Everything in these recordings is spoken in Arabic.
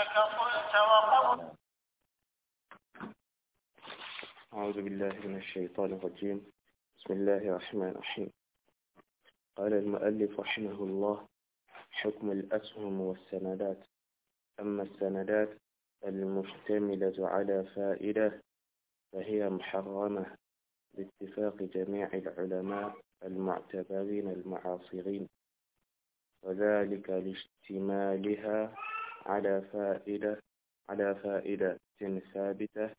إنك قلت وقول أعوذ بالله من الشيطان الرجيم بسم الله الرحمن الرحيم قال المؤلف رحمه الله حكم الأسهم والسندات أما السندات المشتملة على فائدة فهي محرمة باتفاق جميع العلماء المعتبرين المعاصرين وذلك لاشتمالها على فائدة على فائدة ثابتة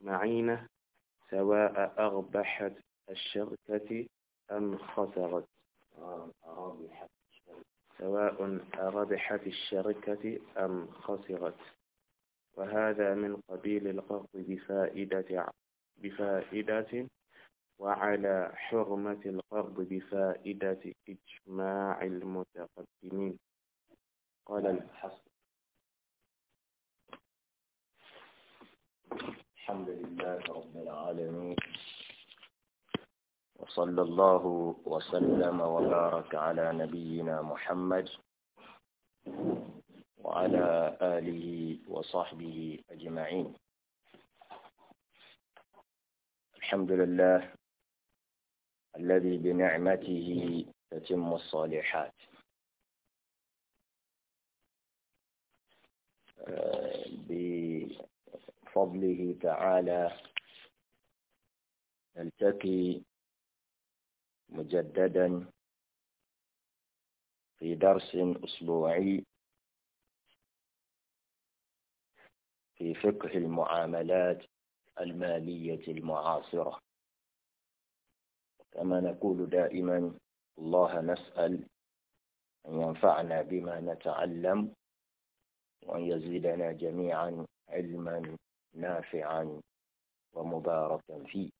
معينة سواء أربحت الشركة أم خسرت سواء أربحت الشركة أم خسرت وهذا من قبيل القرض بفائدة بفائدة وعلى حرمة القرض بفائدة إجماع المتقدمين قال حسب الحمد لله رب العالمين وصلى الله وسلم وبارك على نبينا محمد وعلى آله وصحبه أجمعين الحمد لله الذي بنعمته تتم الصالحات بفضله تعالى نلتقي مجددا في درس أسبوعي في فقه المعاملات المالية المعاصرة كما نقول دائما الله نسأل أن ينفعنا بما نتعلم وأن يزيدنا جميعا علما نافعا ومباركا فيه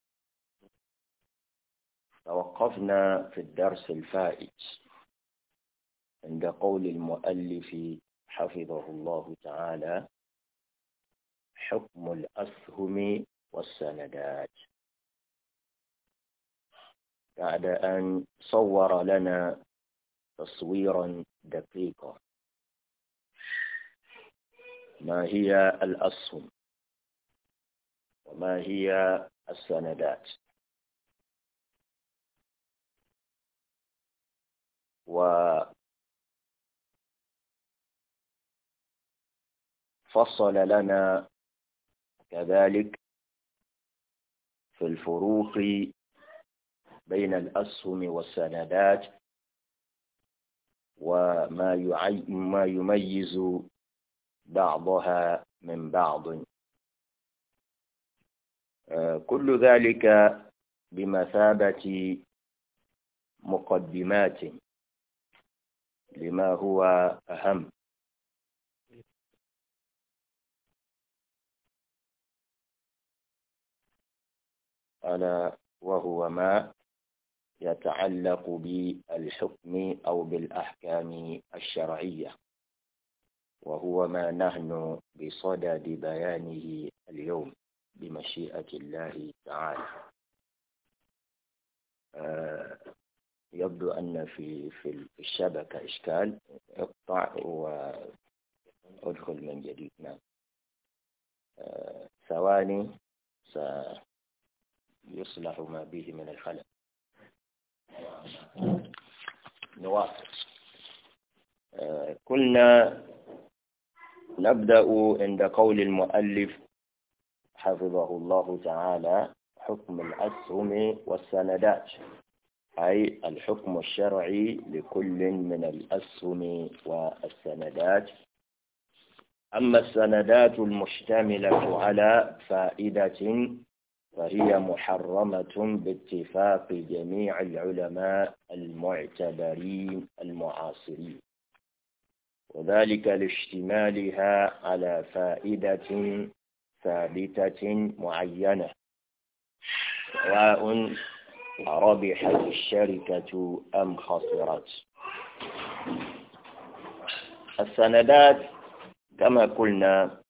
توقفنا في الدرس الفائت عند قول المؤلف حفظه الله تعالى حكم الأسهم والسندات بعد أن صور لنا تصويرا دقيقا ما هي الأسهم وما هي السندات وفصل لنا كذلك في الفروق بين الأسهم والسندات وما يميز بعضها من بعض آه، كل ذلك بمثابة مقدمات لما هو أهم ألا وهو ما يتعلق بالحكم أو بالأحكام الشرعية وهو ما نحن بصدد بيانه اليوم بمشيئة الله تعالى آه، يبدو أن في في الشبكة إشكال اقطع وادخل من جديد نعم آه، ثواني سيصلح ما به من الخلل نواصل قلنا آه، نبدأ عند قول المؤلف حفظه الله تعالى حكم الأسهم والسندات أي الحكم الشرعي لكل من الأسهم والسندات أما السندات المشتملة على فائدة فهي محرمة باتفاق جميع العلماء المعتبرين المعاصرين وذلك لاشتمالها على فائدة ثابتة معينة سواء ربحت الشركة أم خسرت السندات كما قلنا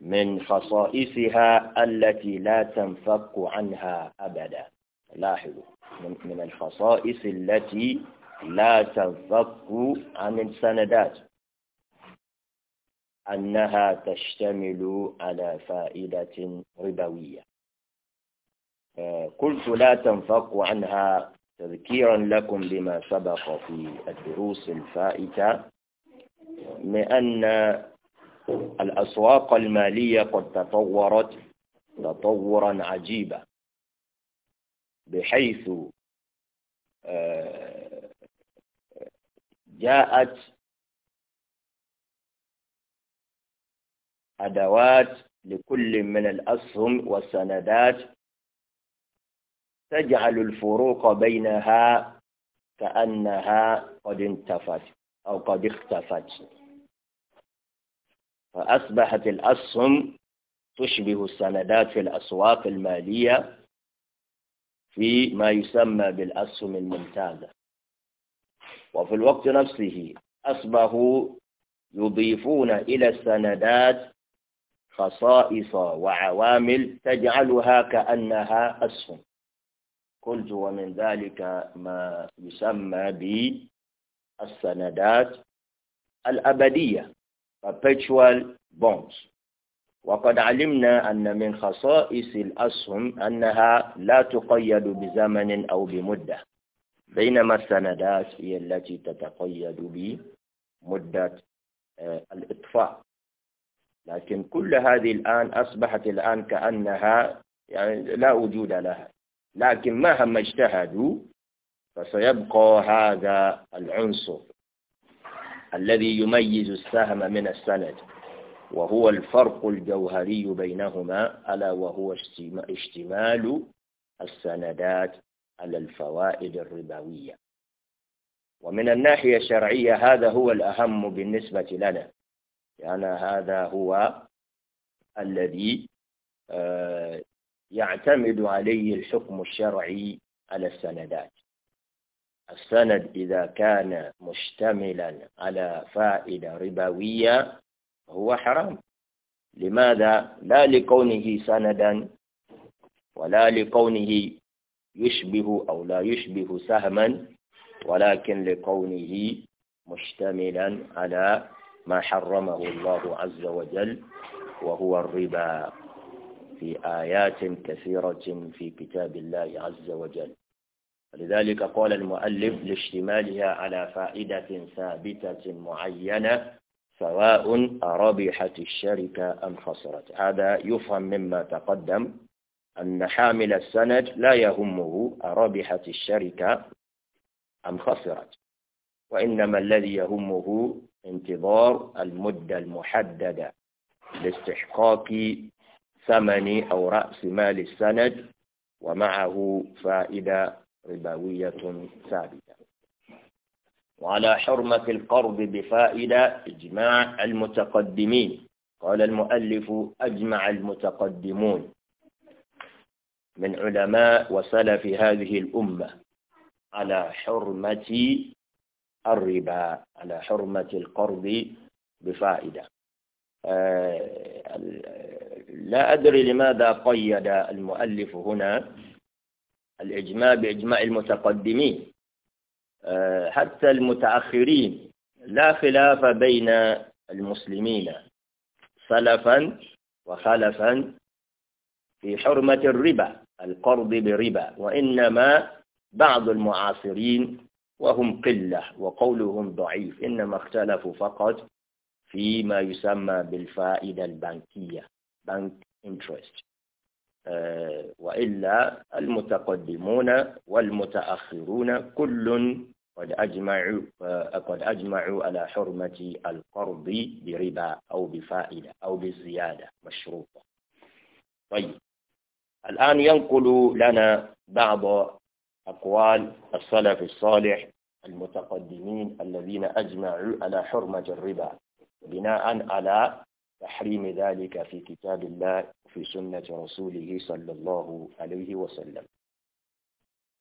من خصائصها التي لا تنفك عنها أبدا لاحظوا من الخصائص التي لا تنفك عن السندات أنها تشتمل على فائدة ربوية قلت لا تنفق عنها تذكيرا لكم بما سبق في الدروس الفائتة لأن الأسواق المالية قد تطورت تطورا عجيبا بحيث آه، جاءت أدوات لكل من الأسهم والسندات تجعل الفروق بينها كأنها قد انتفت أو قد اختفت فأصبحت الأسهم تشبه السندات في الأسواق المالية في ما يسمى بالأسهم الممتازة وفي الوقت نفسه أصبحوا يضيفون إلى السندات خصائص وعوامل تجعلها كأنها أسهم قلت ومن ذلك ما يسمى بالسندات الأبدية perpetual bonds وقد علمنا أن من خصائص الأسهم أنها لا تقيد بزمن أو بمدة بينما السندات هي التي تتقيد بمدة آه، الإطفاء لكن كل هذه الآن أصبحت الآن كأنها يعني لا وجود لها لكن مهما اجتهدوا فسيبقى هذا العنصر الذي يميز السهم من السند وهو الفرق الجوهري بينهما ألا وهو اشتمال السندات على الفوائد الربوية ومن الناحية الشرعية هذا هو الأهم بالنسبة لنا لأن يعني هذا هو الذي آه، يعتمد عليه الحكم الشرعي على السندات السند إذا كان مشتملا على فائدة ربوية هو حرام لماذا؟ لا لكونه سندا ولا لكونه يشبه أو لا يشبه سهما ولكن لكونه مشتملا على ما حرمه الله عز وجل وهو الربا في آيات كثيرة في كتاب الله عز وجل ولذلك قال المؤلف لاشتمالها على فائدة ثابتة معينة سواء ربحت الشركة أم خسرت هذا يفهم مما تقدم أن حامل السند لا يهمه أربحت الشركة أم خسرت وإنما الذي يهمه انتظار المدة المحددة لاستحقاق ثمن أو رأس مال السند ومعه فائدة ربوية ثابتة وعلى حرمة القرض بفائدة إجماع المتقدمين قال المؤلف أجمع المتقدمون من علماء وسلف هذه الأمة على حرمة الربا على حرمة القرض بفائدة آه، لا أدري لماذا قيد المؤلف هنا الإجماع بإجماع المتقدمين آه، حتى المتأخرين لا خلاف بين المسلمين سلفا وخلفا في حرمة الربا القرض بربا وإنما بعض المعاصرين وهم قلة وقولهم ضعيف إنما اختلفوا فقط فيما يسمى بالفائدة البنكية بنك interest آه، وإلا المتقدمون والمتأخرون كل قد أجمعوا آه، قد أجمعوا على حرمة القرض بربا أو بفائدة أو بالزيادة مشروطة طيب الآن ينقل لنا بعض أقوال السلف الصالح المتقدمين الذين أجمعوا على حرمة الربا بناء على تحريم ذلك في كتاب الله في سنة رسوله صلى الله عليه وسلم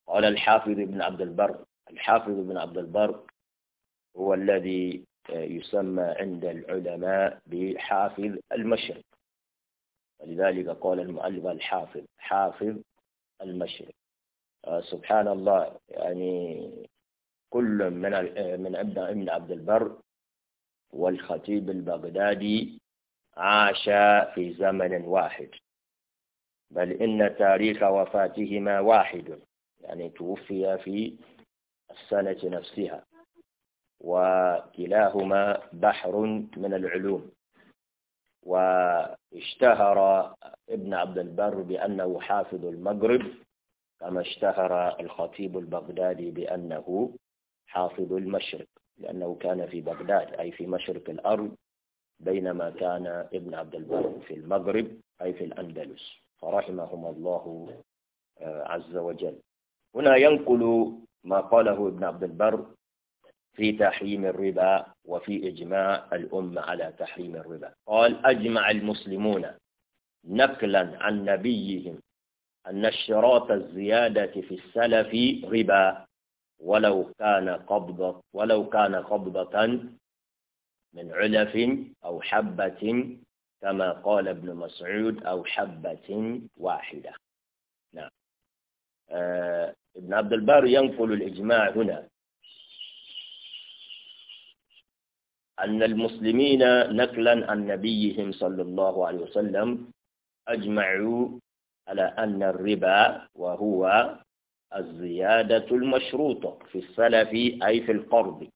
قال الحافظ بن عبد البر الحافظ بن عبد البر هو الذي يسمى عند العلماء بحافظ المشرق ولذلك قال المؤلف الحافظ حافظ المشرق آه، سبحان الله يعني كل من آه، من ابن ابن عبد البر والخطيب البغدادي عاش في زمن واحد بل إن تاريخ وفاتهما واحد يعني توفي في السنة نفسها وكلاهما بحر من العلوم واشتهر ابن عبد البر بأنه حافظ المغرب كما اشتهر الخطيب البغدادي بأنه حافظ المشرق لأنه كان في بغداد أي في مشرق الأرض بينما كان ابن عبد البر في المغرب أي في الأندلس فرحمهما الله آه، عز وجل هنا ينقل ما قاله ابن عبد البر في تحريم الربا وفي إجماع الأمة على تحريم الربا قال أجمع المسلمون نقلا عن نبيهم أن الشراط الزيادة في السلف ربا ولو كان قبضة ولو كان قبضة من علف أو حبة كما قال ابن مسعود أو حبة واحدة نعم آه، ابن عبد البار ينقل الإجماع هنا أن المسلمين نقلا عن نبيهم صلى الله عليه وسلم أجمعوا على أن الربا وهو الزيادة المشروطة في السلف أي في القرض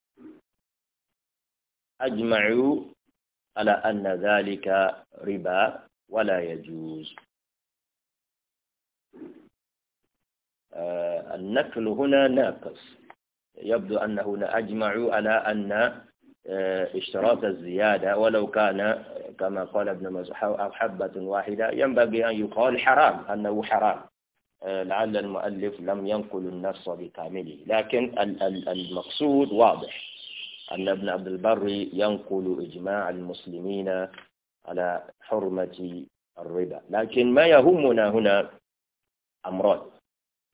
أجمعوا على أن ذلك ربا ولا يجوز آه، النقل هنا ناقص يبدو أنه أجمعوا على أن آه، اشتراط الزيادة ولو كان كما قال ابن مزح أو حبة واحدة ينبغي أن يقال حرام أنه حرام آه، لعل المؤلف لم ينقل النص بكامله لكن المقصود واضح أن ابن عبد البر ينقل إجماع المسلمين على حرمة الربا لكن ما يهمنا هنا أمران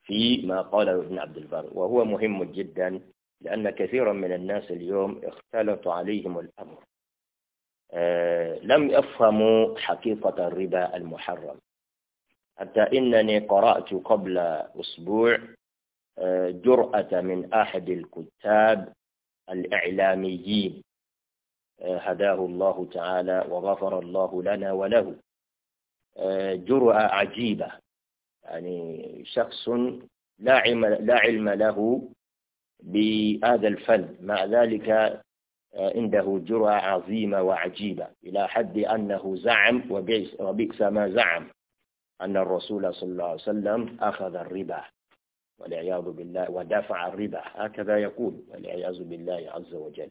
في ما قاله ابن عبد البر وهو مهم جدا لأن كثيرا من الناس اليوم اختلط عليهم الأمر آه، لم يفهموا حقيقة الربا المحرم حتى إنني قرأت قبل أسبوع آه، جرأة من أحد الكتاب الإعلاميين آه، هداه الله تعالى وغفر الله لنا وله جرأة عجيبة يعني شخص لا علم, لا علم له بهذا الفن مع ذلك آه، عنده جرى عظيمة وعجيبة إلى حد أنه زعم وبئس ما زعم أن الرسول صلى الله عليه وسلم أخذ الربا والعياذ بالله ودفع الربا هكذا يقول والعياذ بالله عز وجل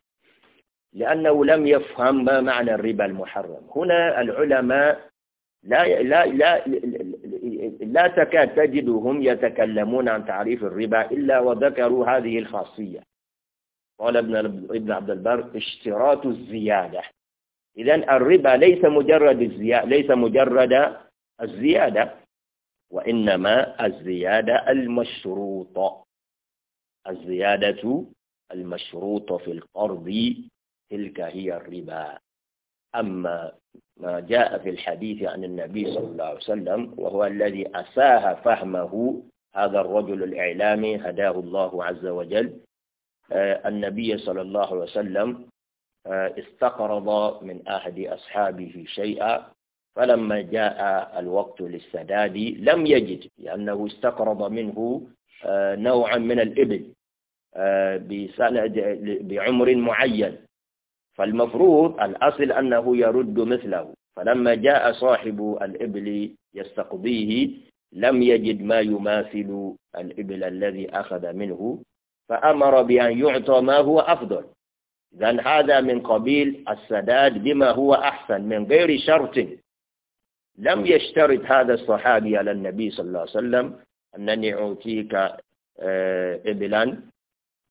لأنه لم يفهم ما معنى الربا المحرم هنا العلماء لا لا لا لا تكاد تجدهم يتكلمون عن تعريف الربا إلا وذكروا هذه الخاصية قال ابن ابن عبد البر اشتراط الزيادة إذا الربا ليس مجرد الزيادة ليس مجرد الزيادة وإنما الزيادة المشروطة الزيادة المشروطة في القرض تلك هي الربا أما ما جاء في الحديث عن النبي صلى الله عليه وسلم وهو الذي أساها فهمه هذا الرجل الإعلامي هداه الله عز وجل آه، النبي صلى الله عليه وسلم آه، استقرض من أحد أصحابه شيئا فلما جاء الوقت للسداد لم يجد لأنه استقرض منه آه، نوعا من الإبل بسند بعمر معين فالمفروض الأصل أنه يرد مثله فلما جاء صاحب الإبل يستقضيه لم يجد ما يماثل الإبل الذي أخذ منه فأمر بأن يعطى ما هو أفضل إذن هذا من قبيل السداد بما هو أحسن من غير شرط لم يشترط هذا الصحابي على النبي صلى الله عليه وسلم أنني أعطيك آه، إبلا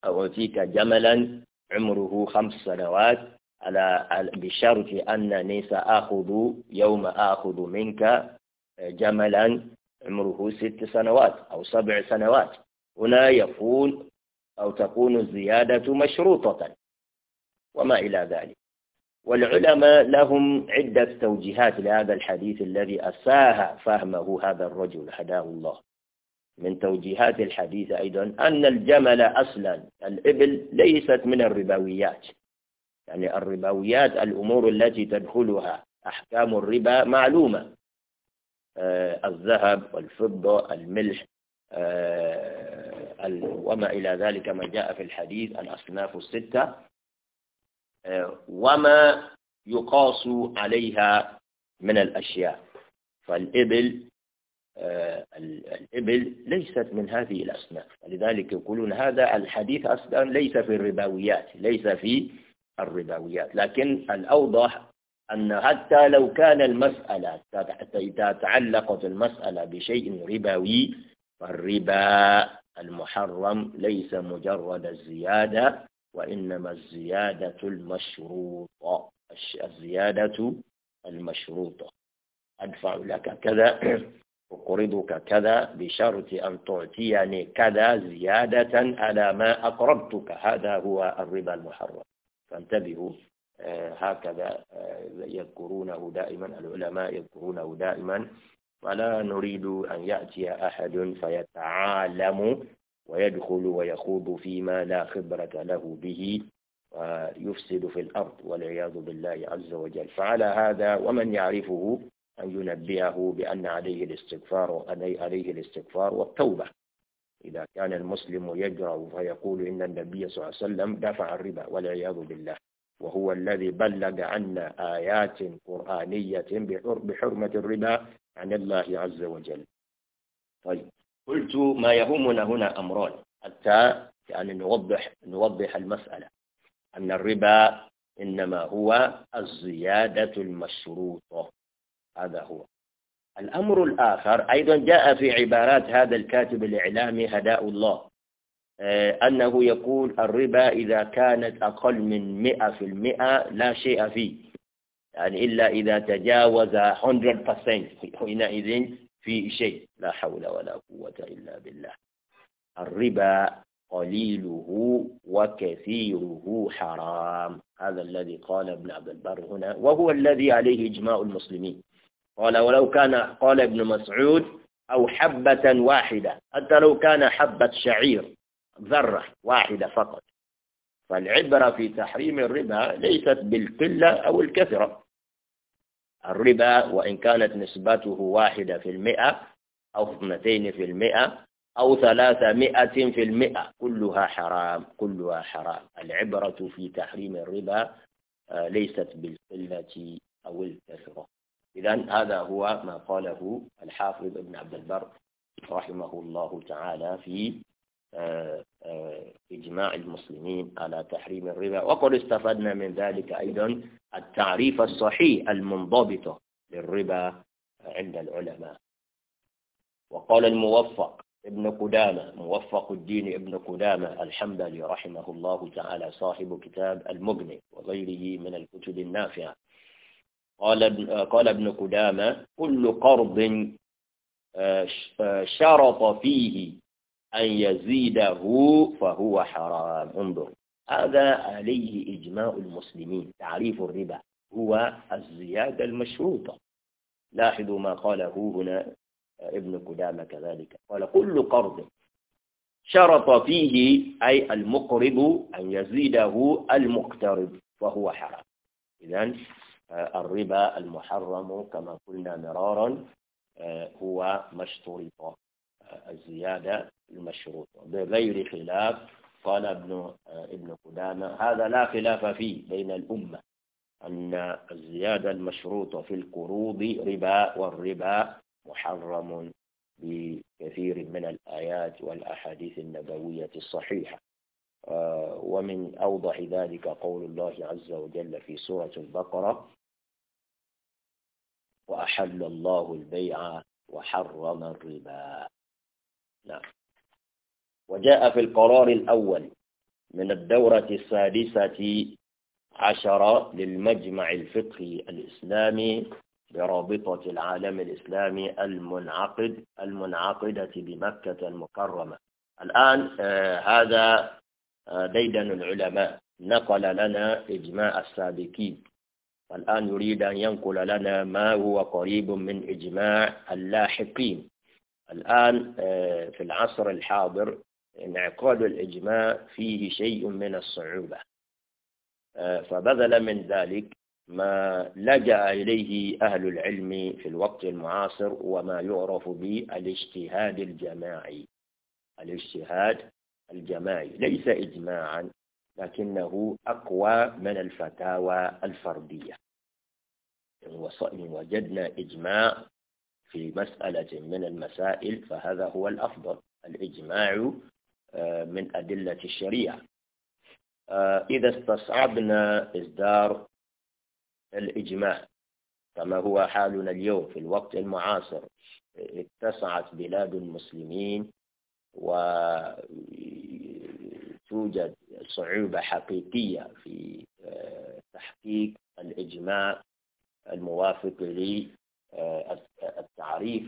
أو أعطيك جملا عمره خمس سنوات على بشرط أنني سأخذ يوم أخذ منك جملا عمره ست سنوات أو سبع سنوات هنا يكون أو تكون الزيادة مشروطة وما إلى ذلك والعلماء لهم عدة توجيهات لهذا الحديث الذي أساها فهمه هذا الرجل هداه الله من توجيهات الحديث أيضا أن الجمل أصلا الإبل ليست من الربويات يعني الربويات الأمور التي تدخلها أحكام الربا معلومة آه، الذهب والفضة الملح آه، وما إلى ذلك ما جاء في الحديث الأصناف الستة آه، وما يقاس عليها من الأشياء فالإبل الإبل ليست من هذه الأصناف لذلك يقولون هذا الحديث أصلا ليس في الرباويات ليس في الربويات لكن الأوضح أن حتى لو كان المسألة تتعلقت المسألة بشيء ربوي فالربا المحرم ليس مجرد الزيادة وإنما الزيادة المشروطة الزيادة المشروطة أدفع لك كذا أقرضك كذا بشرط أن تعطيني كذا زيادة على ما أقرضتك هذا هو الربا المحرم فانتبهوا آه، هكذا آه، يذكرونه دائما العلماء يذكرونه دائما ولا نريد أن يأتي أحد فيتعالم ويدخل ويخوض فيما لا خبرة له به ويفسد في الأرض والعياذ بالله عز وجل فعلى هذا ومن يعرفه أن ينبهه بأن عليه الاستغفار عليه الاستغفار والتوبة إذا كان المسلم يجرأ فيقول إن النبي صلى الله عليه وسلم دفع الربا والعياذ بالله وهو الذي بلغ عنا آيات قرآنية بحرمة الربا عن الله عز وجل طيب قلت ما يهمنا هنا أمران حتى يعني نوضح, نوضح المسألة أن الربا إنما هو الزيادة المشروطة هذا هو الأمر الآخر أيضا جاء في عبارات هذا الكاتب الإعلامي هداء الله آه، أنه يقول الربا إذا كانت أقل من 100% لا شيء فيه يعني إلا إذا تجاوز 100% حينئذ في شيء لا حول ولا قوة إلا بالله الربا قليله وكثيره حرام هذا الذي قال ابن عبد البر هنا وهو الذي عليه إجماع المسلمين قال ولو كان قال ابن مسعود أو حبة واحدة حتى لو كان حبة شعير ذرة واحدة فقط فالعبرة في تحريم الربا ليست بالقلة أو الكثرة الربا وإن كانت نسبته واحدة في المئة أو اثنتين في المئة أو ثلاثمائة في المئة كلها حرام كلها حرام العبرة في تحريم الربا آه، ليست بالقلة أو الكثرة إذا هذا هو ما قاله الحافظ ابن عبد البر رحمه الله تعالى في آه، آه، إجماع المسلمين على تحريم الربا وقد استفدنا من ذلك أيضا التعريف الصحيح المنضبط للربا عند العلماء وقال الموفق ابن قدامة موفق الدين ابن قدامة الحمدلي رحمه الله تعالى صاحب كتاب المبني وغيره من الكتب النافعة قال قال ابن قدامة كل قرض آه، آه، شرط فيه أن يزيده فهو حرام انظر هذا عليه إجماع المسلمين تعريف الربا هو الزيادة المشروطة لاحظوا ما قاله هنا آه، ابن قدامة كذلك قال كل قرض شرط فيه أي المقرض أن يزيده المقترض فهو حرام إذن الربا المحرم كما قلنا مرارا آه، هو ما اشترط آه، الزيادة المشروطة بغير خلاف قال ابن آه، ابن قدامة هذا لا خلاف فيه بين الأمة أن الزيادة المشروطة في القروض ربا والربا محرم بكثير من الآيات والأحاديث النبوية الصحيحة ومن أوضح ذلك قول الله عز وجل في سورة البقرة وأحل الله البيع وحرم الربا نعم وجاء في القرار الأول من الدورة السادسة عشرة للمجمع الفقهي الإسلامي برابطة العالم الإسلامي المنعقد المنعقدة بمكة المكرمة الآن آه هذا آه ديدن العلماء نقل لنا إجماع السابقين والآن يريد أن ينقل لنا ما هو قريب من إجماع اللاحقين الآن آه، في العصر الحاضر انعقاد الإجماع فيه شيء من الصعوبة آه، فبذل من ذلك ما لجأ إليه أهل العلم في الوقت المعاصر وما يعرف بالاجتهاد الجماعي الاجتهاد الجماعي ليس إجماعا لكنه أقوى من الفتاوى الفردية إن وجدنا إجماع في مسألة من المسائل فهذا هو الأفضل الإجماع آه، من أدلة الشريعة آه، إذا استصعبنا إصدار الإجماع كما هو حالنا اليوم في الوقت المعاصر اتسعت بلاد المسلمين و توجد صعوبة حقيقية في آه، تحقيق الإجماع الموافق للتعريف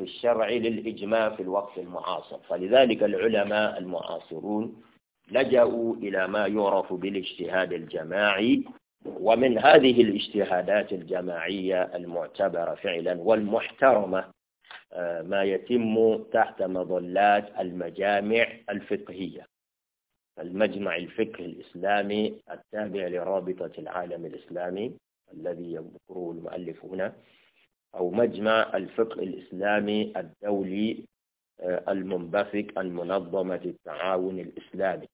آه، الشرعي للإجماع في الوقت المعاصر فلذلك العلماء المعاصرون لجأوا إلى ما يعرف بالاجتهاد الجماعي ومن هذه الاجتهادات الجماعية المعتبرة فعلا والمحترمة آه، ما يتم تحت مظلات المجامع الفقهية المجمع الفقهي الإسلامي التابع لرابطة العالم الإسلامي الذي يذكره المؤلف هنا أو مجمع الفقه الإسلامي الدولي آه، المنبثق عن منظمة التعاون الإسلامي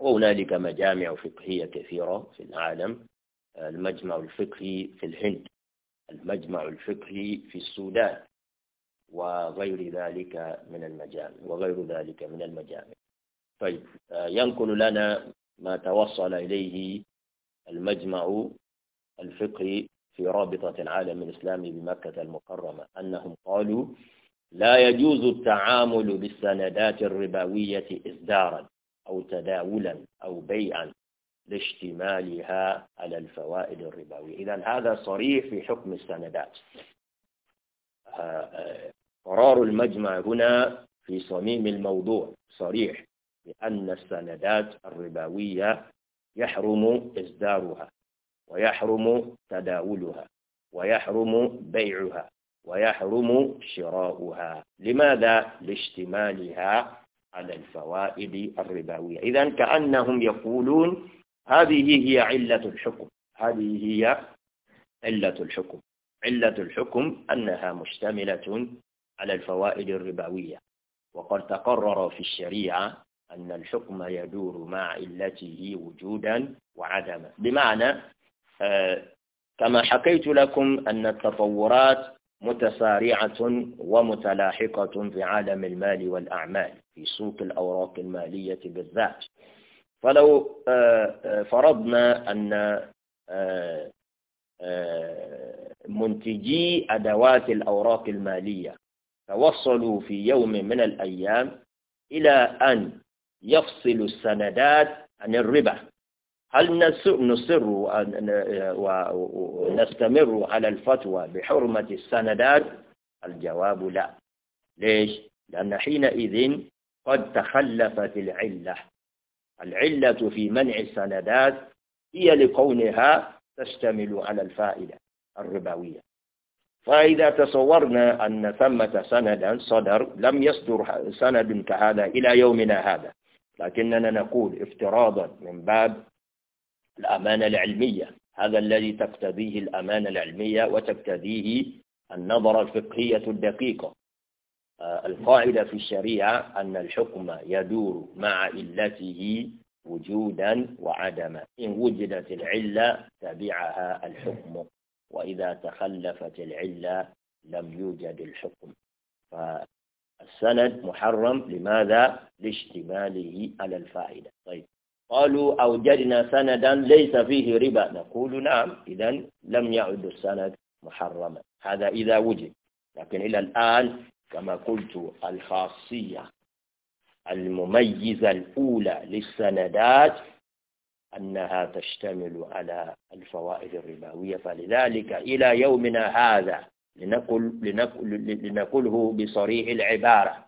وهنالك مجامع فقهية كثيرة في العالم آه، المجمع الفقهي في الهند المجمع الفقهي في السودان وغير ذلك من المجامع وغير ذلك من المجامع طيب آه، ينقل لنا ما توصل إليه المجمع الفقهي في رابطة العالم الإسلامي بمكة المكرمة أنهم قالوا لا يجوز التعامل بالسندات الربوية إصدارا أو تداولا أو بيعا لاشتمالها على الفوائد الربوية إذا هذا صريح في حكم السندات آه، آه، قرار المجمع هنا في صميم الموضوع صريح لأن السندات الربوية يحرم إصدارها ويحرم تداولها ويحرم بيعها ويحرم شراؤها لماذا؟ لاشتمالها على الفوائد الربوية إذا كأنهم يقولون هذه هي علة الحكم هذه هي علة الحكم علة الحكم أنها مشتملة على الفوائد الربوية وقد تقرر في الشريعة أن الحكم يدور مع علته وجودا وعدما بمعنى آه، كما حكيت لكم أن التطورات متسارعة ومتلاحقة في عالم المال والأعمال في سوق الأوراق المالية بالذات فلو آه، آه، فرضنا أن منتجي أدوات الأوراق المالية توصلوا في يوم من الأيام إلى أن يفصل السندات عن الربا هل نصر ونستمر على الفتوى بحرمة السندات الجواب لا ليش؟ لأن حينئذ قد تخلفت العلة العلة في منع السندات هي لكونها تشتمل على الفائدة الربوية فإذا تصورنا أن ثمة سندا صدر لم يصدر سند كهذا إلى يومنا هذا لكننا نقول افتراضا من باب الأمانة العلمية هذا الذي تقتضيه الأمانة العلمية وتقتضيه النظرة الفقهية الدقيقة آه، القاعدة في الشريعة أن الحكم يدور مع علته وجودا وعدما إن وجدت العلة تبعها الحكم وإذا تخلفت العلة لم يوجد الحكم السند محرم لماذا لاشتماله على الفائدة طيب قالوا أوجدنا سندا ليس فيه ربا نقول نعم إذا لم يعد السند محرما هذا إذا وجد لكن إلى الآن كما قلت الخاصية المميزة الأولى للسندات أنها تشتمل على الفوائد الربوية فلذلك إلى يومنا هذا لنقل لنقل لنقله بصريح العبارة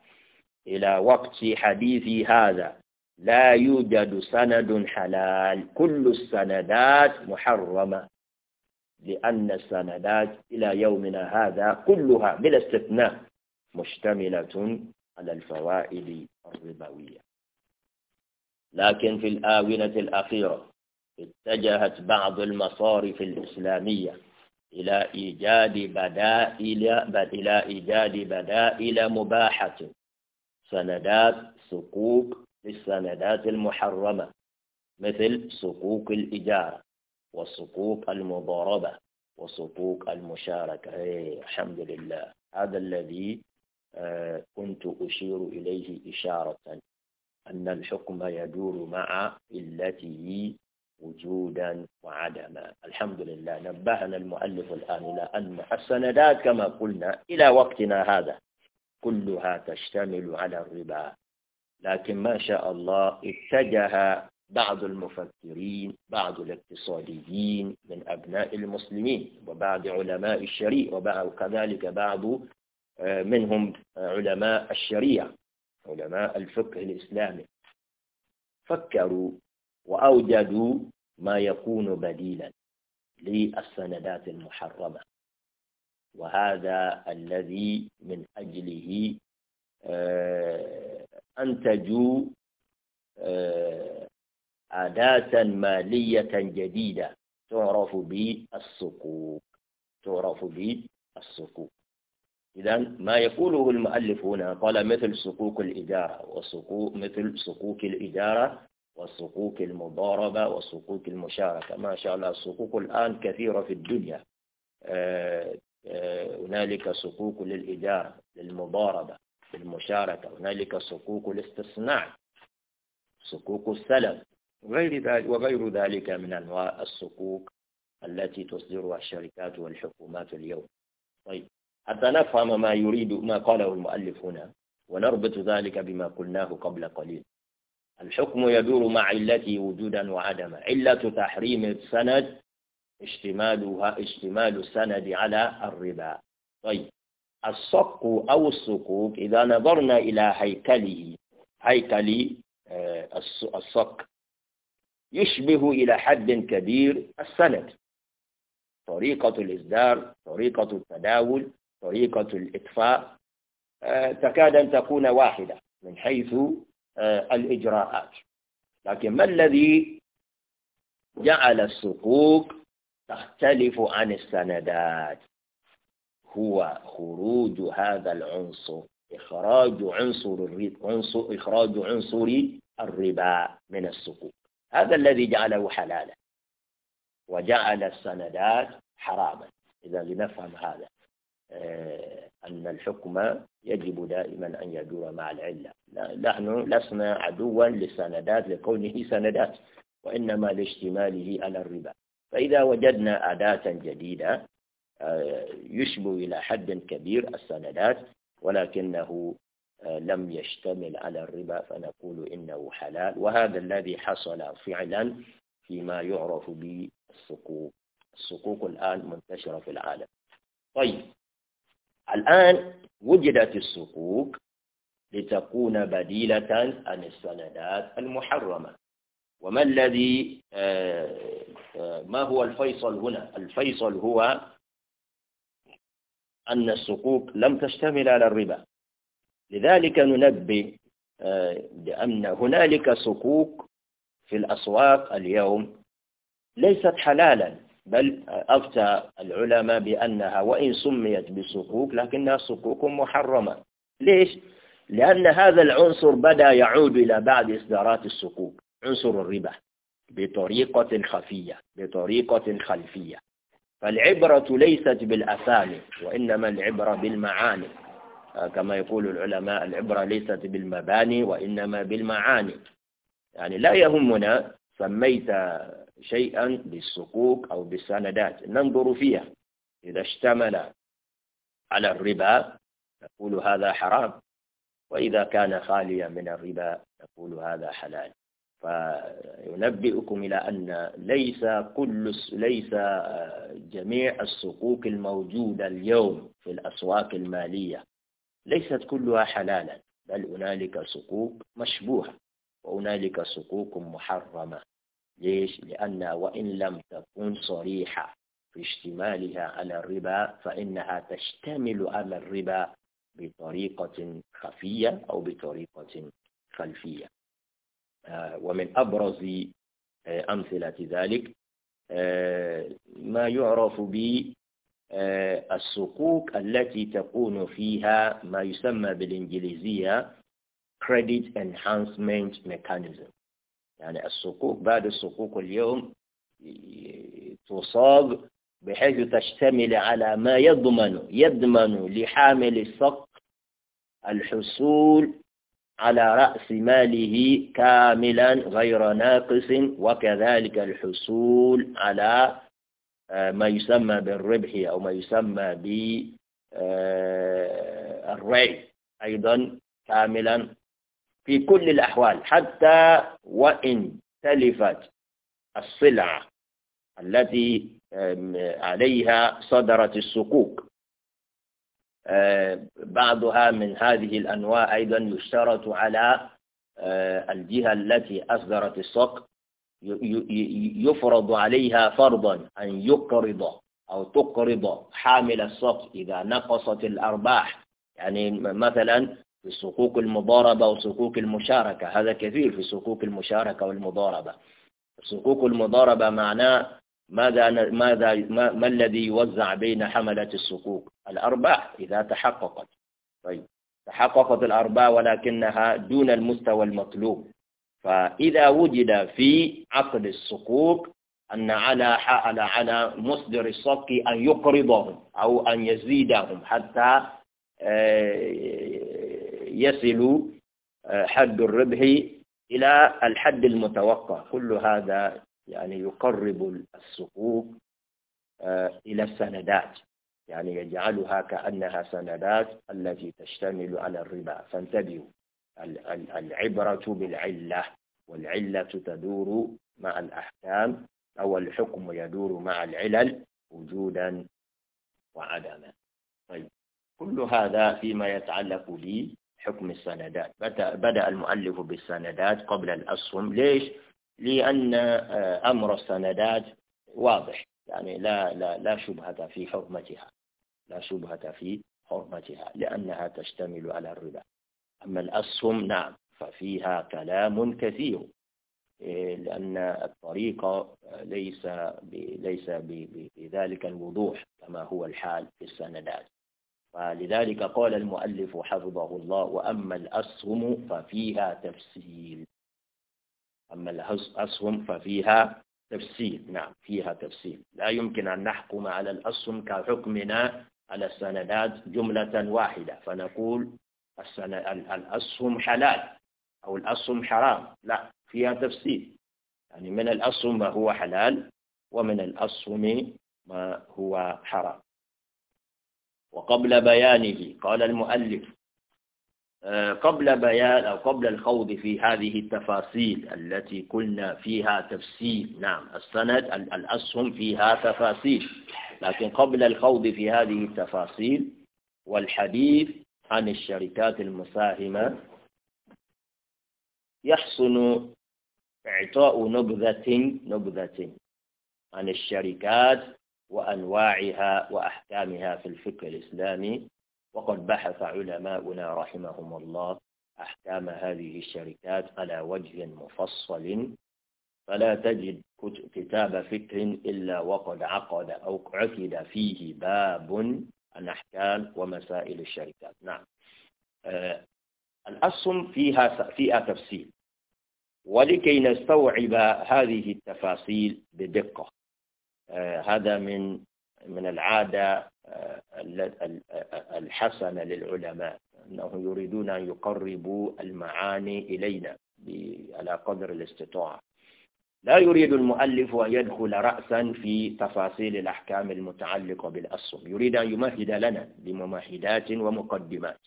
إلى وقت حديثي هذا لا يوجد سند حلال كل السندات محرمة لأن السندات إلى يومنا هذا كلها بلا استثناء مشتملة على الفوائد الربوية لكن في الآونة الأخيرة اتجهت بعض المصارف الإسلامية إلى إيجاد بدائل إلى إيجاد بدائل مباحة سندات سقوق للسندات المحرمة مثل سقوق الإجارة وسقوق المضاربة وسقوق المشاركة إيه، الحمد لله هذا الذي آه، كنت أشير إليه إشارة أن الحكم يدور مع التي وجودا وعدما الحمد لله نبهنا المؤلف الآن إلى أن السندات كما قلنا إلى وقتنا هذا كلها تشتمل على الربا لكن ما شاء الله اتجه بعض المفكرين بعض الاقتصاديين من أبناء المسلمين وبعض علماء الشريع وكذلك بعض آه، منهم آه، علماء الشريعة علماء الفقه الإسلامي فكروا وأوجدوا ما يكون بديلا للسندات المحرمة وهذا الذي من أجله آه، أنتجوا عادات آه، مالية جديدة تعرف بالسقوق تعرف بالسقوق إذا ما يقوله المؤلف هنا قال مثل سقوق الإدارة وسقوق مثل سقوق الإدارة وصكوك المضاربة وصكوك المشاركة ما شاء الله الصكوك الآن كثيرة في الدنيا آه، آه، هنالك صكوك للإدارة للمضاربة للمشاركة هنالك صكوك الاستصناع صكوك السلف غير ذلك وغير ذلك من أنواع الصكوك التي تصدرها الشركات والحكومات اليوم طيب حتى نفهم ما يريد ما قاله المؤلف هنا ونربط ذلك بما قلناه قبل قليل الحكم يدور مع علته وجودا وعدما علة تحريم السند اشتمالها اشتمال السند على الربا طيب الصك أو الصكوك إذا نظرنا إلى هيكله هيكل آه، الصك يشبه إلى حد كبير السند طريقة الإصدار طريقة التداول طريقة الإطفاء آه، تكاد أن تكون واحدة من حيث آه، الإجراءات لكن ما الذي جعل الصكوك تختلف عن السندات هو خروج هذا العنصر إخراج عنصر عنصر إخراج عنصر الربا من الصكوك هذا الذي جعله حلالا وجعل السندات حراما إذا لنفهم هذا آه، أن الحكم يجب دائما أن يدور مع العلة نحن لسنا عدوا للسندات لكونه سندات وإنما لاشتماله على الربا فإذا وجدنا أداة جديدة آه، يشبه إلى حد كبير السندات ولكنه آه، لم يشتمل على الربا فنقول إنه حلال وهذا الذي حصل فعلا فيما يعرف بالسقوق السقوق الآن منتشرة في العالم طيب الآن وجدت الصكوك لتكون بديلة عن السندات المحرمة وما الذي آه، آه، ما هو الفيصل هنا الفيصل هو أن الصكوك لم تشتمل على الربا لذلك ننبه آه، بأن هنالك صكوك في الأسواق اليوم ليست حلالا بل أفتى العلماء بأنها وإن سميت بصكوك لكنها صكوك محرمة ليش؟ لأن هذا العنصر بدأ يعود إلى بعض إصدارات الصكوك عنصر الربا بطريقة خفية بطريقة خلفية فالعبرة ليست بالأسامي وإنما العبرة بالمعاني آه، كما يقول العلماء العبرة ليست بالمباني وإنما بالمعاني يعني لا يهمنا سميت شيئا بالصكوك أو بالسندات ننظر فيها إذا اشتمل على الربا نقول هذا حرام وإذا كان خاليا من الربا نقول هذا حلال فينبئكم إلى أن ليس كل ليس آه، جميع الصكوك الموجودة اليوم في الأسواق المالية ليست كلها حلالا بل هنالك صكوك مشبوهة وهنالك صكوك محرمة ليش؟ لأن وإن لم تكن صريحة في اشتمالها على الربا فإنها تشتمل على الربا بطريقة خفية أو بطريقة خلفية آه، ومن أبرز آه، أمثلة ذلك آه، ما يعرف ب الصكوك التي تكون فيها ما يسمى بالإنجليزية Credit Enhancement Mechanism يعني الصكوك بعد الصكوك اليوم تصاب بحيث تشتمل على ما يضمن يضمن لحامل الصق الحصول على رأس ماله كاملا غير ناقص وكذلك الحصول على آه، ما يسمى بالربح أو ما يسمى بالرعي آه، أيضا كاملا في كل الأحوال حتى وإن تلفت السلعة التي عليها صدرت السقوق آه، بعضها من هذه الأنواع أيضا يشترط على آه، الجهة التي أصدرت الصك يفرض عليها فرضا أن يقرض أو تقرض حامل الصك إذا نقصت الأرباح يعني مثلا في صكوك المضاربة وصكوك المشاركة هذا كثير في صكوك المشاركة والمضاربة صكوك المضاربة معناه ماذا ماذا ما, ما الذي يوزع بين حملة الصكوك الأرباح إذا تحققت طيب تحققت الأرباح ولكنها دون المستوى المطلوب فإذا وجد في عقد الصكوك أن على على على مصدر الصك أن يقرضهم أو أن يزيدهم حتى آه، يصل آه، حد الربح إلى الحد المتوقع كل هذا يعني يقرب السقوط آه، إلى السندات يعني يجعلها كأنها سندات التي تشتمل على الربا فانتبهوا العبرة بالعلة والعلة تدور مع الأحكام أو الحكم يدور مع العلل وجودا وعدما طيب كل هذا فيما يتعلق حكم السندات بدأ المؤلف بالسندات قبل الأسهم ليش؟ لأن آه، أمر السندات واضح يعني لا, لا, لا شبهة في حرمتها لا شبهة في حرمتها لأنها تشتمل على الربا أما الأسهم نعم ففيها كلام كثير إيه، لأن الطريقة آه، ليس ليس بذلك الوضوح كما هو الحال في السندات فلذلك قال المؤلف حفظه الله وأما الأسهم ففيها تفسير أما الأسهم ففيها تفسير نعم فيها تفسير لا يمكن أن نحكم على الأسهم كحكمنا على السندات جملة واحدة فنقول الأسهم حلال أو الأسهم حرام لا فيها تفسير يعني من الأسهم ما هو حلال ومن الأسهم ما هو حرام وقبل بيانه قال المؤلف آه، قبل بيان أو قبل الخوض في هذه التفاصيل التي قلنا فيها تفسير نعم السند الأسهم فيها تفاصيل لكن قبل الخوض في هذه التفاصيل والحديث عن الشركات المساهمة يحسن إعطاء نبذة نبذة عن الشركات وأنواعها وأحكامها في الفقه الإسلامي وقد بحث علماؤنا رحمهم الله أحكام هذه الشركات على وجه مفصل فلا تجد كتاب فكر إلا وقد عقد أو عقد فيه باب عن أحكام ومسائل الشركات نعم آه الأسهم فيها فيها تفصيل ولكي نستوعب هذه التفاصيل بدقة آه، هذا من من العادة آه، آه، الحسنة للعلماء أنهم يريدون أن يقربوا المعاني إلينا على قدر الاستطاعة لا يريد المؤلف أن يدخل رأسا في تفاصيل الأحكام المتعلقة بالأسهم يريد أن يمهد لنا بممهدات ومقدمات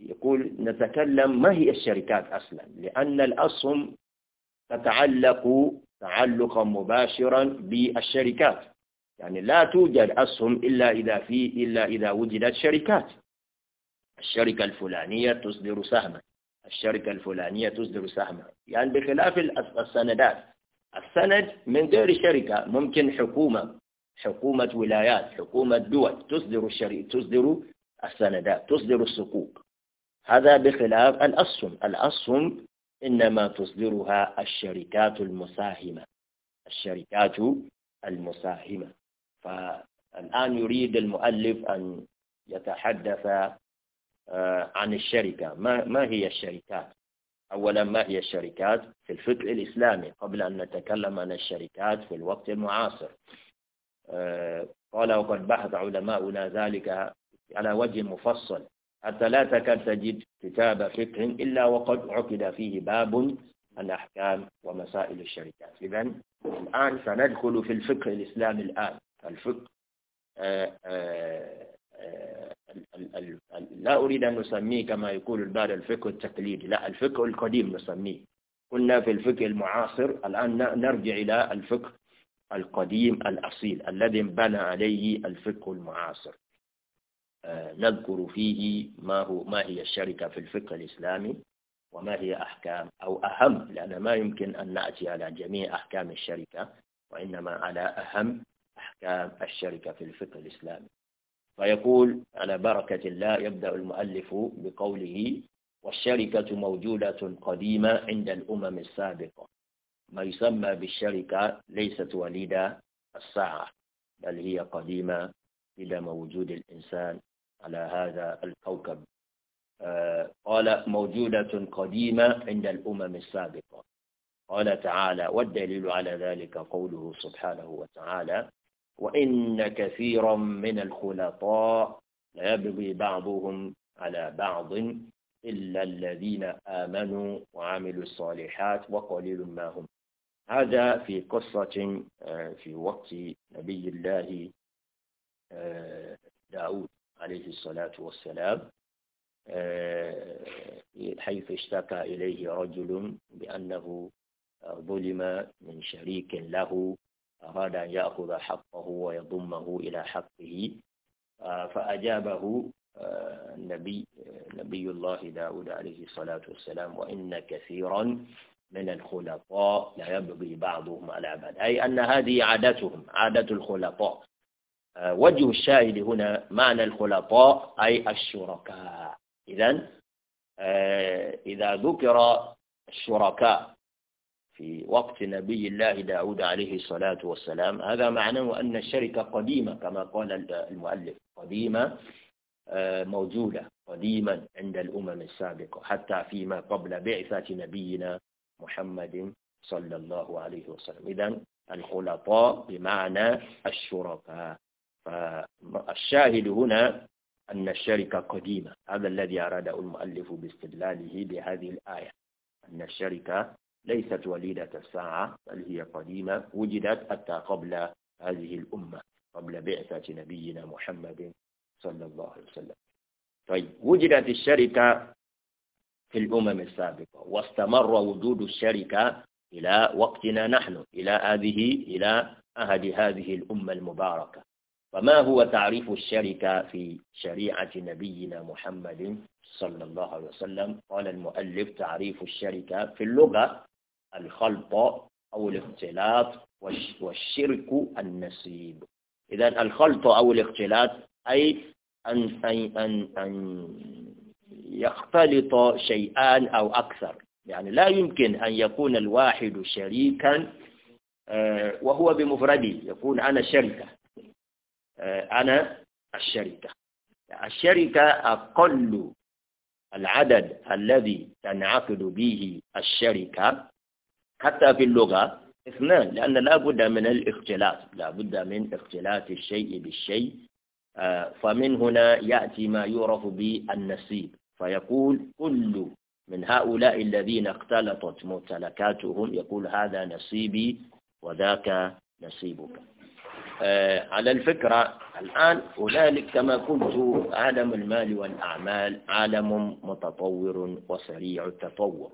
يقول نتكلم ما هي الشركات أصلا لأن الأسهم تتعلق تعلقا مباشرا بالشركات يعني لا توجد أسهم إلا إذا في إلا إذا وجدت شركات الشركة الفلانية تصدر سهما الشركة الفلانية تصدر سهما يعني بخلاف السندات السند من غير شركة ممكن حكومة حكومة ولايات حكومة دول تصدر الشركة تصدر السندات تصدر الصكوك هذا بخلاف الأسهم الأسهم إنما تصدرها الشركات المساهمة الشركات المساهمة فالآن يريد المؤلف أن يتحدث آه، عن الشركة ما, ما هي الشركات أولا ما هي الشركات في الفقه الإسلامي قبل أن نتكلم عن الشركات في الوقت المعاصر آه، قال وقد بحث علماؤنا ذلك على وجه مفصل حتى لا تكاد تجد كتاب فقه إلا وقد عقد فيه باب الأحكام ومسائل الشركات إذا الآن سندخل في الفقه الإسلامي الآن الفقه آه، آه، آه، لا أريد أن نسميه كما يقول البعض الفقه التقليدي لا الفقه القديم نسميه كنا في الفقه المعاصر الآن نرجع إلى الفقه القديم الأصيل الذي انبنى عليه الفقه المعاصر نذكر فيه ما هو ما هي الشركة في الفقه الإسلامي وما هي أحكام أو أهم لأن ما يمكن أن نأتي على جميع أحكام الشركة وإنما على أهم أحكام الشركة في الفقه الإسلامي فيقول على بركة الله يبدأ المؤلف بقوله والشركة موجودة قديمة عند الأمم السابقة ما يسمى بالشركة ليست وليدة الساعة بل هي قديمة إلى وجود الإنسان على هذا الكوكب آه، قال موجودة قديمة عند الأمم السابقة قال تعالى والدليل على ذلك قوله سبحانه وتعالى وإن كثيرا من الخلطاء ليبغي بعضهم على بعض إلا الذين آمنوا وعملوا الصالحات وقليل ما هم هذا في قصة آه، في وقت نبي الله آه، داود عليه الصلاة والسلام آه، حيث اشتكى إليه رجل بأنه ظلم من شريك له أراد أن يأخذ حقه ويضمه إلى حقه آه، فأجابه آه، النبي نبي الله داود عليه الصلاة والسلام وإن كثيرا من الخلطاء لا يبغي بعضهم على بعض أي أن هذه عادتهم عادة الخلطاء آه، وجه الشاهد هنا معنى الخلطاء أي الشركاء إذا آه، إذا ذكر الشركاء في وقت نبي الله داود عليه الصلاة والسلام هذا معناه أن الشركة قديمة كما قال المؤلف قديمة آه، موجودة قديما عند الأمم السابقة حتى فيما قبل بعثة نبينا محمد صلى الله عليه وسلم إذا الخلطاء بمعنى الشركاء فالشاهد هنا أن الشركة قديمة هذا الذي أراده المؤلف باستدلاله بهذه الآية أن الشركة ليست وليدة الساعة بل هي قديمة وجدت حتى قبل هذه الأمة قبل بعثة نبينا محمد صلى الله عليه وسلم طيب وجدت الشركة في الأمم السابقة واستمر وجود الشركة إلى وقتنا نحن إلى هذه إلى أهد هذه الأمة المباركة فما هو تعريف الشركة في شريعة نبينا محمد صلى الله عليه وسلم قال المؤلف تعريف الشركة في اللغة الخلط أو الاختلاط والشرك النسيب إذا الخلط أو الاختلاط أي أن, أن, أن, أن يختلط شيئان أو أكثر يعني لا يمكن أن يكون الواحد شريكا آه، وهو بمفرده يكون أنا شركة آه، أنا الشركة الشركة أقل العدد الذي تنعقد به الشركة حتى في اللغة اثنان لأن لا بد من الاختلاط لا بد من اختلاط الشيء بالشيء آه، فمن هنا يأتي ما يعرف بالنسيب فيقول كل من هؤلاء الذين اختلطت ممتلكاتهم يقول هذا نصيبي وذاك نصيبك آه، على الفكرة الآن هنالك كما قلت عالم المال والأعمال عالم متطور وسريع التطور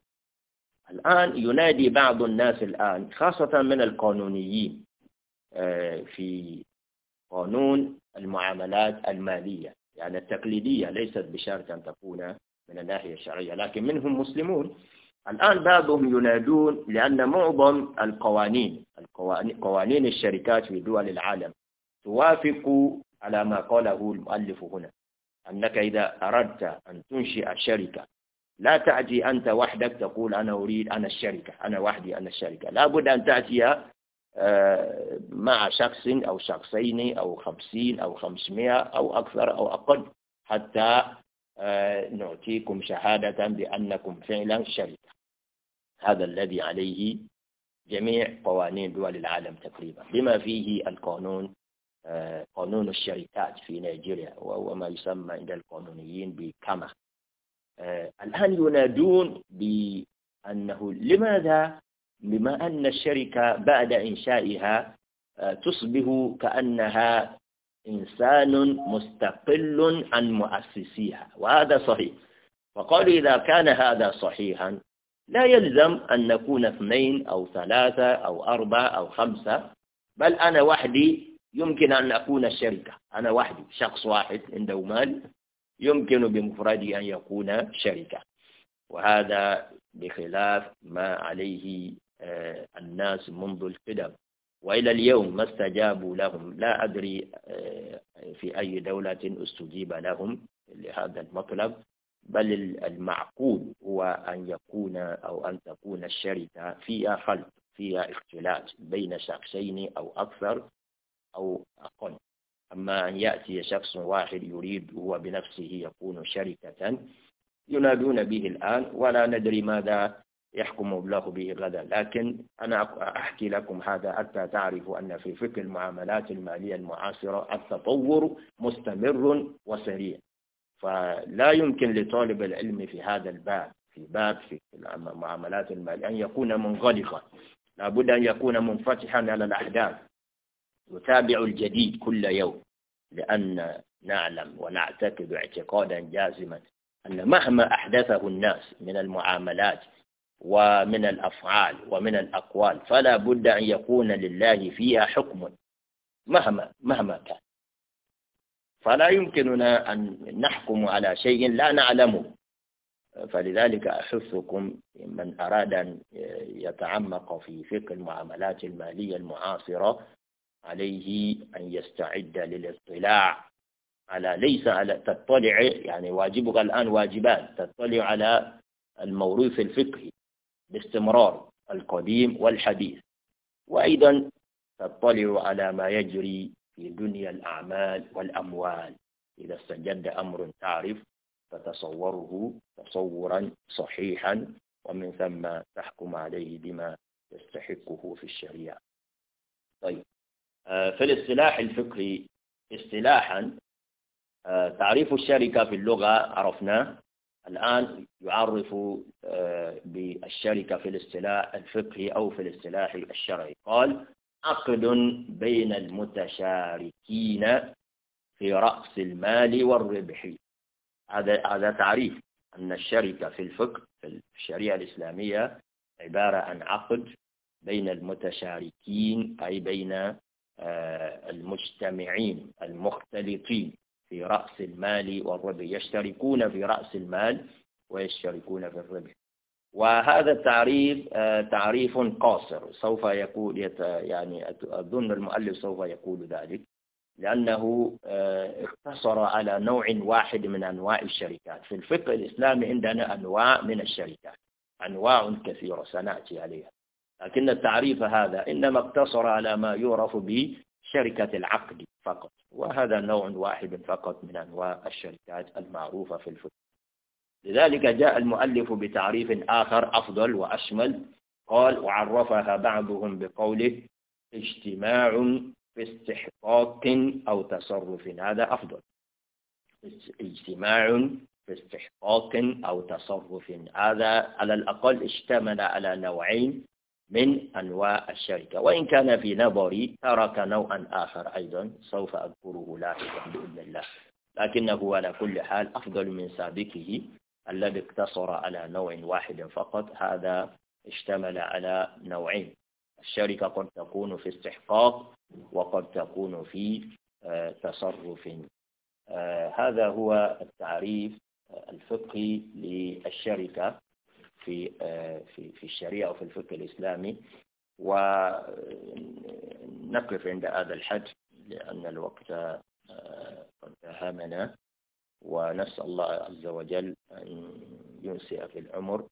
الآن ينادي بعض الناس الآن خاصة من القانونيين آه، في قانون المعاملات المالية يعني التقليدية ليست بشرط أن تكون من الناحية الشرعية لكن منهم مسلمون الآن بعضهم ينادون لأن معظم القوانين قوانين الشركات في دول العالم توافق على ما قاله المؤلف هنا أنك إذا أردت أن تنشئ شركة لا تأتي أنت وحدك تقول أنا أريد أنا الشركة أنا وحدي أنا الشركة لابد أن تأتي آه، مع شخص أو شخصين أو خمسين أو خمسمائة أو أكثر أو أقل حتى آه، نعطيكم شهادة بأنكم فعلا شركة هذا الذي عليه جميع قوانين دول العالم تقريبا بما فيه القانون آه، قانون الشركات في نيجيريا وهو ما يسمى عند القانونيين بكما آه، الآن ينادون بأنه لماذا بما أن الشركة بعد إنشائها تصبح كأنها إنسان مستقل عن مؤسسيها وهذا صحيح فقالوا إذا كان هذا صحيحا لا يلزم أن نكون اثنين أو ثلاثة أو أربعة أو خمسة بل أنا وحدي يمكن أن أكون شركة أنا وحدي شخص واحد عنده مال يمكن بمفردي أن يكون شركة وهذا بخلاف ما عليه آه، الناس منذ القدم وإلى اليوم ما استجابوا لهم لا أدري آه، في أي دولة استجيب لهم لهذا المطلب بل المعقول هو أن يكون أو أن تكون الشركة فيها خلط فيها اختلاط بين شخصين أو أكثر أو أقل أما أن يأتي شخص واحد يريد هو بنفسه يكون شركة ينادون به الآن ولا ندري ماذا يحكم الله به غدا لكن أنا أحكي لكم هذا حتى تعرفوا أن في فكر المعاملات المالية المعاصرة التطور مستمر وسريع فلا يمكن لطالب العلم في هذا الباب في باب في المعاملات المالية أن يكون منغلقا لابد أن يكون منفتحا على الأحداث يتابع الجديد كل يوم لأن نعلم ونعتقد اعتقادا جازما أن مهما أحدثه الناس من المعاملات ومن الأفعال ومن الأقوال فلا بد أن يكون لله فيها حكم مهما مهما كان فلا يمكننا أن نحكم على شيء لا نعلمه فلذلك أحثكم من أراد أن يتعمق في فقه المعاملات المالية المعاصرة عليه أن يستعد للاطلاع على ليس على تطلع يعني واجبك الآن واجبان تطلع على الموروث الفقهي باستمرار القديم والحديث وأيضا تطلع على ما يجري في دنيا الأعمال والأموال إذا استجد أمر تعرف فتصوره تصورا صحيحا ومن ثم تحكم عليه بما يستحقه في الشريعة طيب آه، في الاصطلاح الفكري اصطلاحا آه، تعريف الشركة في اللغة عرفناه الآن يعرف آه، بالشركة في الاصطلاح الفقهي أو في الاصطلاح الشرعي قال عقد بين المتشاركين في رأس المال والربح هذا هذا تعريف أن الشركة في الفقه في الشريعة الإسلامية عبارة عن عقد بين المتشاركين أي بين آه، المجتمعين المختلطين في رأس المال والربح يشتركون في رأس المال ويشتركون في الربح وهذا التعريف آه، تعريف قاصر سوف يقول يعني أظن المؤلف سوف يقول ذلك لأنه آه، اقتصر على نوع واحد من أنواع الشركات في الفقه الإسلامي عندنا أنواع من الشركات أنواع كثيرة سنأتي عليها لكن التعريف هذا إنما اقتصر على ما يعرف به شركة العقد فقط وهذا نوع واحد فقط من أنواع الشركات المعروفة في الفقه لذلك جاء المؤلف بتعريف آخر أفضل وأشمل قال وعرفها بعضهم بقوله اجتماع في استحقاق أو تصرف هذا أفضل اجتماع في استحقاق أو تصرف هذا على الأقل اشتمل على نوعين من أنواع الشركة وإن كان في نظري ترك نوعا آخر أيضا سوف أذكره لاحقا بإذن الله لكنه على كل حال أفضل من سابقه الذي اقتصر على نوع واحد فقط هذا اشتمل على نوعين الشركة قد تكون في استحقاق وقد تكون في آه، تصرف آه، هذا هو التعريف آه، الفقهي للشركة في آه، في في الشريعة وفي الفقه الإسلامي ونقف عند هذا الحد لأن الوقت آه، قد هامنا ونسأل الله عز وجل أن ينسئ في العمر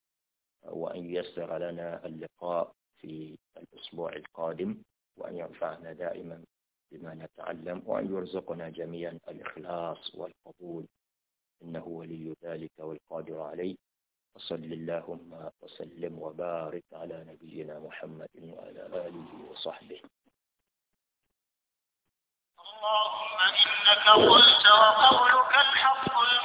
وأن ييسر لنا اللقاء في الأسبوع القادم وأن ينفعنا دائما بما نتعلم وأن يرزقنا جميعا الإخلاص والقبول إنه ولي ذلك والقادر عليه وصل اللهم وسلم وبارك على نبينا محمد وعلى آله وصحبه اللهم إنك قلت وقولك الحق